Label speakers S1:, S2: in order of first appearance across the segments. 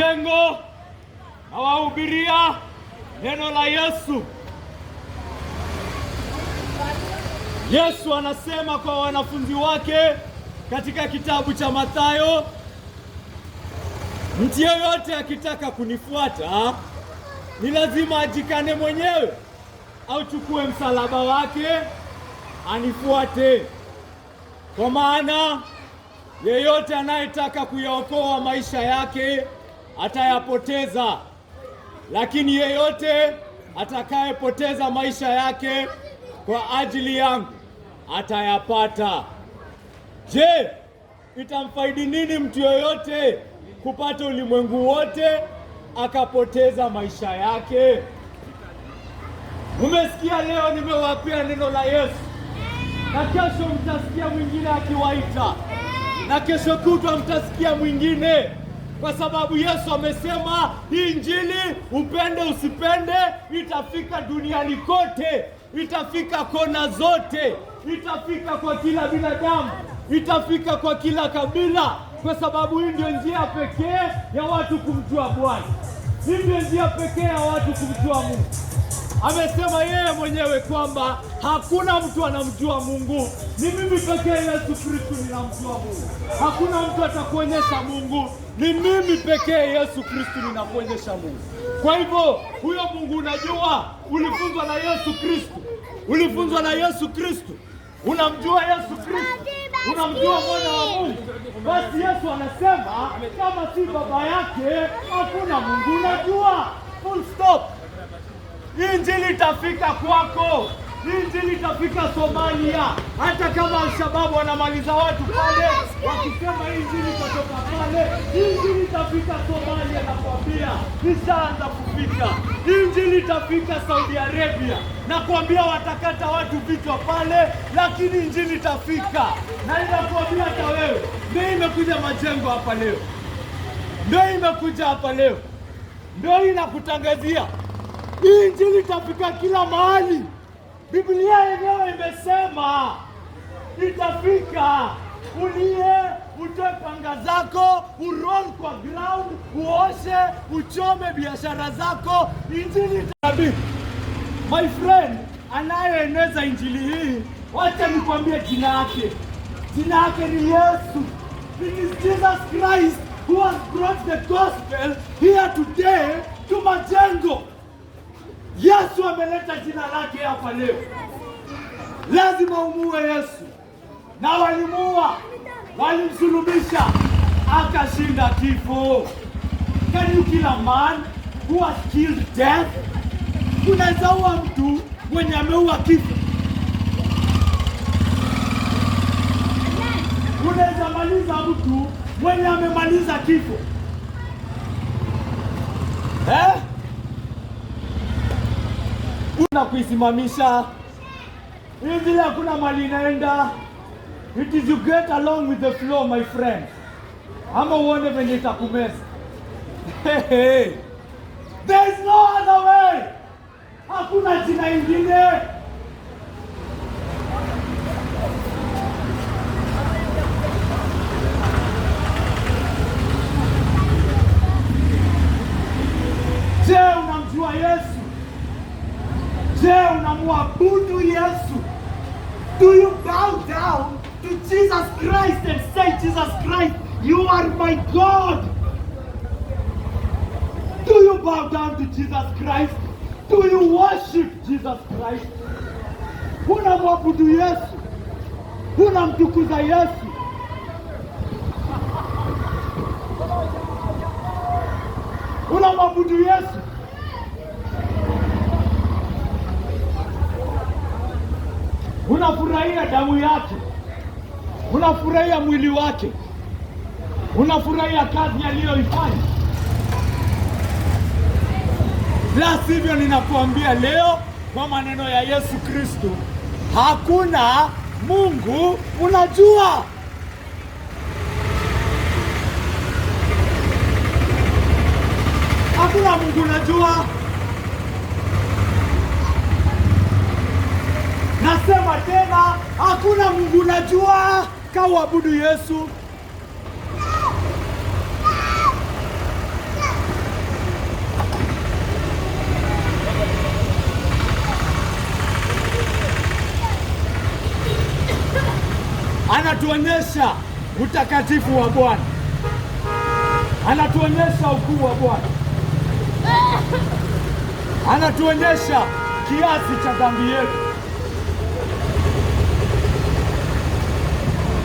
S1: majengo na wahubiria neno la Yesu. Yesu anasema kwa wanafunzi wake katika kitabu cha Mathayo, mtu yeyote akitaka kunifuata ni lazima ajikane mwenyewe, auchukue msalaba wake anifuate. Kwa maana yeyote anayetaka kuyaokoa maisha yake atayapoteza, lakini yeyote atakayepoteza maisha yake kwa ajili yangu atayapata. Je, itamfaidi nini mtu yoyote kupata ulimwengu wote akapoteza maisha yake? Umesikia, leo nimewapia neno la Yesu, na kesho mtasikia mwingine akiwaita, na kesho kutwa mtasikia mwingine kwa sababu Yesu amesema hii Injili, upende usipende, itafika duniani kote, itafika kona zote, itafika kwa kila binadamu, itafika kwa kila kabila, kwa sababu hii ndio njia pekee ya watu kumjua Bwana. Hivyo njia pekee ya watu kumjua Mungu. Amesema yeye mwenyewe kwamba hakuna mtu anamjua Mungu, ni mimi pekee. Yesu Kristo ninamjua Mungu, hakuna mtu atakuonyesha Mungu, ni mimi pekee. Yesu Kristo ninakuonyesha Mungu. Kwa hivyo huyo Mungu unajua, ulifunzwa na Yesu Kristo, ulifunzwa na Yesu Kristo, unamjua Yesu Kristo unamjua mwana wa Mungu. Basi Yesu anasema kama si baba yake hakuna Mungu. Unajua, full stop. Injili itafika kwako, injili itafika Somalia, hata kama Alshababu wanamaliza watu pale wakisema injili itatoka pale. Injili itafika Somalia, nakwambia, ishaanza kufika. Injili itafika Saudi Arabia na kuambia watakata watu vichwa pale, lakini injili itafika. Na ninakuambia hata wewe, ndio imekuja majengo hapa leo, ndio imekuja hapa leo, ndio inakutangazia hii injili itafika kila mahali. Biblia yenyewe imesema itafika. Ulie, utoe panga zako, uroll kwa ground, uoshe, uchome biashara zako, injili itabii My friend anayeeneza injili hii, wacha nikwambie jina yake. Jina yake ni Yesu. It is Jesus Christ who has brought the gospel here today to Majengo. Yesu ameleta jina lake hapa leo. Lazima umuue Yesu, na walimuua, walimsulubisha, akashinda kifo. Can you kill a man who has killed death? unaweza ua mtu mwenye ameua kifo, unaweza maliza mtu mwenye amemaliza kifo eh? Una kuisimamisha hii vile, hakuna mali inaenda. It is you get along with the flow my friend, ama uone venye itakumeza. There is no other way. hakuna jina ingine. Je, unamjua Yesu? Je, unamwabudu Yesu? Do you bow down to Jesus Christ and say, Jesus Christ, you are my God? Do you bow down to Jesus Christ? Do you e worship Jesus Christ? Unamwabudu Yesu? Unamtukuza Yesu? Unamwabudu Yesu? Unafurahia damu yake? Unafurahia mwili wake? Unafurahia kazi aliyoifanya? La sivyo, ninakuambia leo kwa maneno ya Yesu Kristo, hakuna Mungu unajua. Hakuna Mungu unajua. Nasema tena, hakuna Mungu unajua. Kauabudu Yesu. anatuonyesha utakatifu wa Bwana, anatuonyesha ukuu wa Bwana, anatuonyesha kiasi cha dhambi yetu,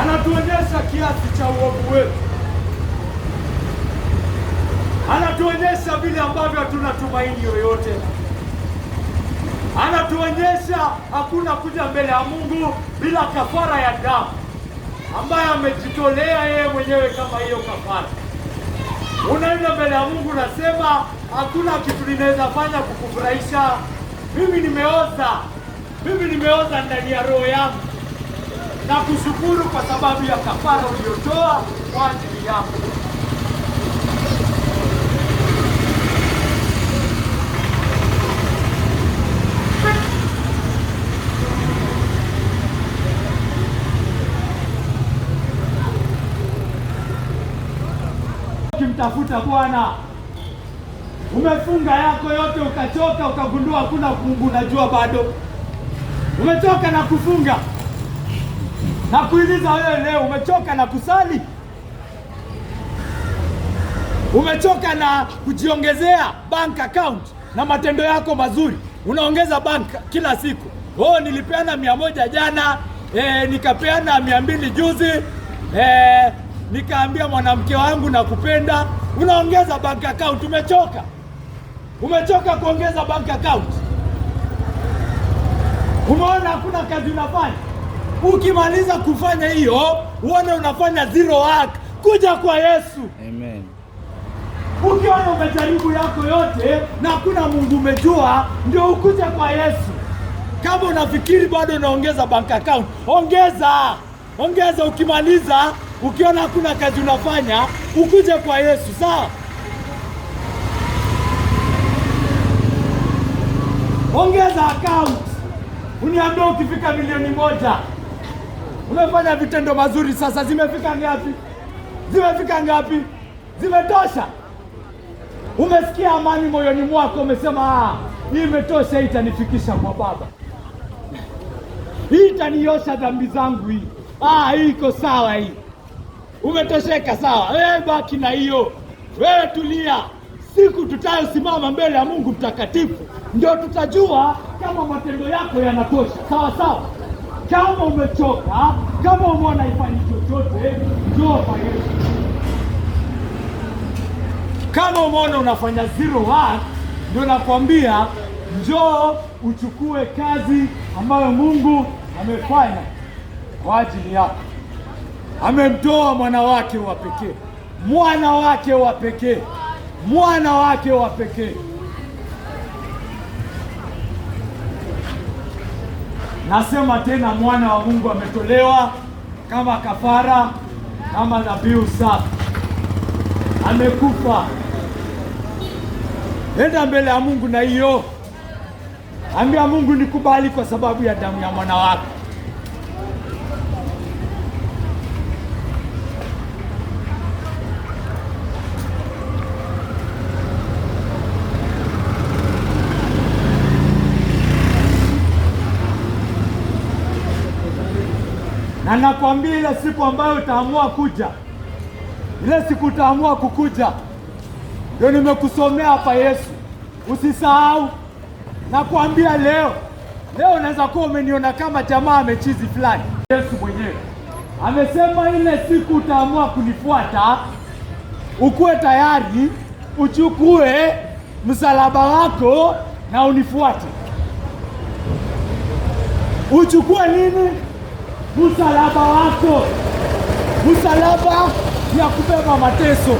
S1: anatuonyesha kiasi cha uovu wetu, anatuonyesha vile ambavyo hatuna tumaini yoyote, anatuonyesha hakuna kuja mbele ya Mungu bila kafara ya damu ambaye amejitolea yeye mwenyewe kama hiyo kafara. Unaenda mbele ya Mungu nasema hakuna kitu ninaweza fanya kukufurahisha mimi. Nimeoza, mimi nimeoza ndani ya roho yangu na kushukuru kwa sababu ya kafara uliotoa kwa ajili yangu. kumtafuta Bwana. Umefunga yako yote ukachoka, ukagundua hakuna Mungu, najua bado umechoka na kufunga na kuuliza wewe leo, umechoka na kusali, umechoka na kujiongezea bank account na matendo yako mazuri, unaongeza bank kila siku. Oh, nilipeana mia moja jana, eh, nikapeana mia mbili juzi eh, nikaambia mwanamke wangu nakupenda, unaongeza bank account. Umechoka, umechoka kuongeza bank account. Umeona hakuna kazi unafanya. Ukimaliza kufanya hiyo, uone unafanya zero work. Kuja kwa Yesu. Amen. Ukiona umejaribu yako yote na hakuna Mungu umejua, ndio ukuja kwa Yesu. Kama unafikiri bado unaongeza bank account, ongeza, ongeza. Ukimaliza Ukiona hakuna kazi unafanya ukuje kwa Yesu, sawa? Ongeza account, uniambie ukifika milioni moja umefanya vitendo mazuri. Sasa zimefika ngapi? Zimefika ngapi? Zimetosha? Umesikia amani moyoni mwako, umesema ah, hii imetosha, hii itanifikisha kwa Baba, hii itaniosha dhambi zangu, hii ah, hii iko sawa hii umetosheka sawa, wewe eh, baki na hiyo, wewe tulia. Siku tutayosimama mbele ya Mungu mtakatifu ndio tutajua kama matendo yako yanatosha. Sawa sawa, kama umechoka, kama umeona ifanyi chochote, njoo kwa Yesu. Kama umeona unafanya zero work, ndio nakwambia njoo uchukue kazi ambayo Mungu amefanya kwa ajili yako amemtoa mwana wake wa pekee, mwana wake wa pekee, mwana wake wa pekee. Nasema tena, mwana wa Mungu ametolewa kama kafara, kama dhabihu safi, amekufa. Enda mbele ya Mungu na hiyo ambia Mungu, nikubali kwa sababu ya damu ya mwana wako. Anakwambia ile siku ambayo utaamua kuja, ile siku utaamua kukuja, ndio nimekusomea hapa. Yesu usisahau, nakwambia leo, leo unaweza kuwa umeniona kama jamaa amechizi fulani. Yesu mwenyewe amesema ile siku utaamua kunifuata, ukuwe tayari, uchukue msalaba wako na unifuate. Uchukue nini? msalaba wako, msalaba ni ya kubeba mateso,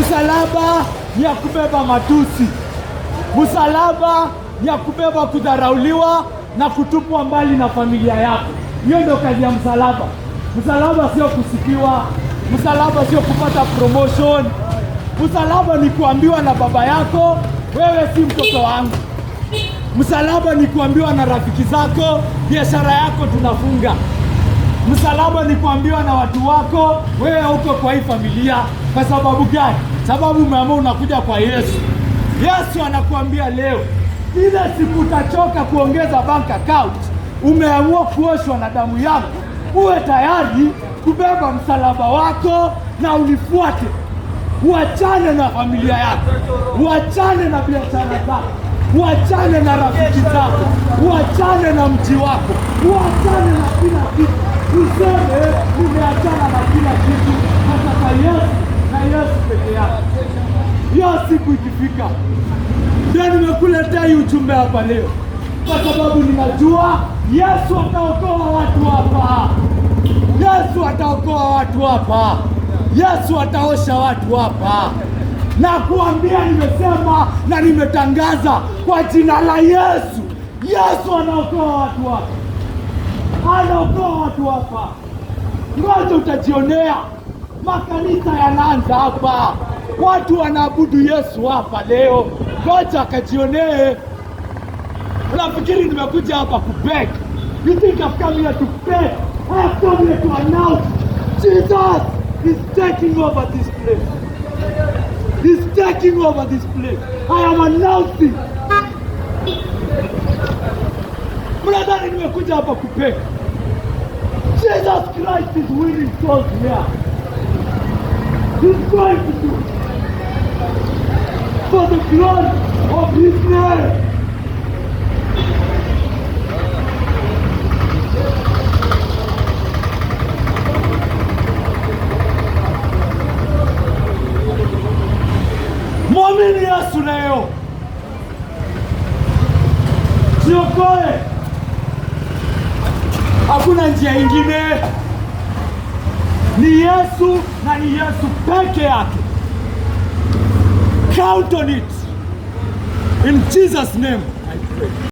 S1: msalaba ni ya kubeba matusi, msalaba ni ya kubeba kudharauliwa na kutupwa mbali na familia yako. Hiyo ndio kazi ya msalaba. Msalaba sio kusikiwa, msalaba sio kupata promotion, msalaba ni kuambiwa na baba yako, wewe si mtoto wangu. Msalaba ni kuambiwa na rafiki zako, biashara yako tunafunga. Msalaba ni kuambiwa na watu wako, wewe uko kwa hii familia. Kwa sababu gani? Sababu umeamua unakuja kwa Yesu. Yesu anakuambia leo, ile siku utachoka kuongeza bank account, umeamua kuoshwa na damu yako, uwe tayari kubeba msalaba wako na unifuate. Uachane na familia yako, uachane na biashara zako. Uachane na rafiki zako, uachane na mji wako, uachane na kila kitu, useme nimeachana na kila kitu, nataka Yesu na Yesu peke yake. Hiyo siku ikifika, ndio nimekuletea hii ujumbe hapa leo, kwa sababu ninajua Yesu ataokoa watu hapa. Yesu ataokoa watu hapa. Yesu ataosha watu hapa na kuambia nimesema na nimetangaza kwa jina la Yesu. Yesu anaokoa watu hapa, anaokoa watu hapa. Ngoja utajionea makanisa yanaanza hapa, watu wanaabudu Yesu hapa leo. Ngoja akajionee. Unafikiri nimekuja hapa kubeg? You think I've come here to beg? I have come here to announce Jesus is taking over this place. He's taking over this place. I am announcing. Mnadhani nimekuja hapa kupeka. Jesus Christ is winning souls here. He's going to do for the glory of his name. Mwamini Yesu leo, jiokoe, hakuna njia ingine, ni Yesu na ni Yesu peke yake. Count on it in Jesus name I pray.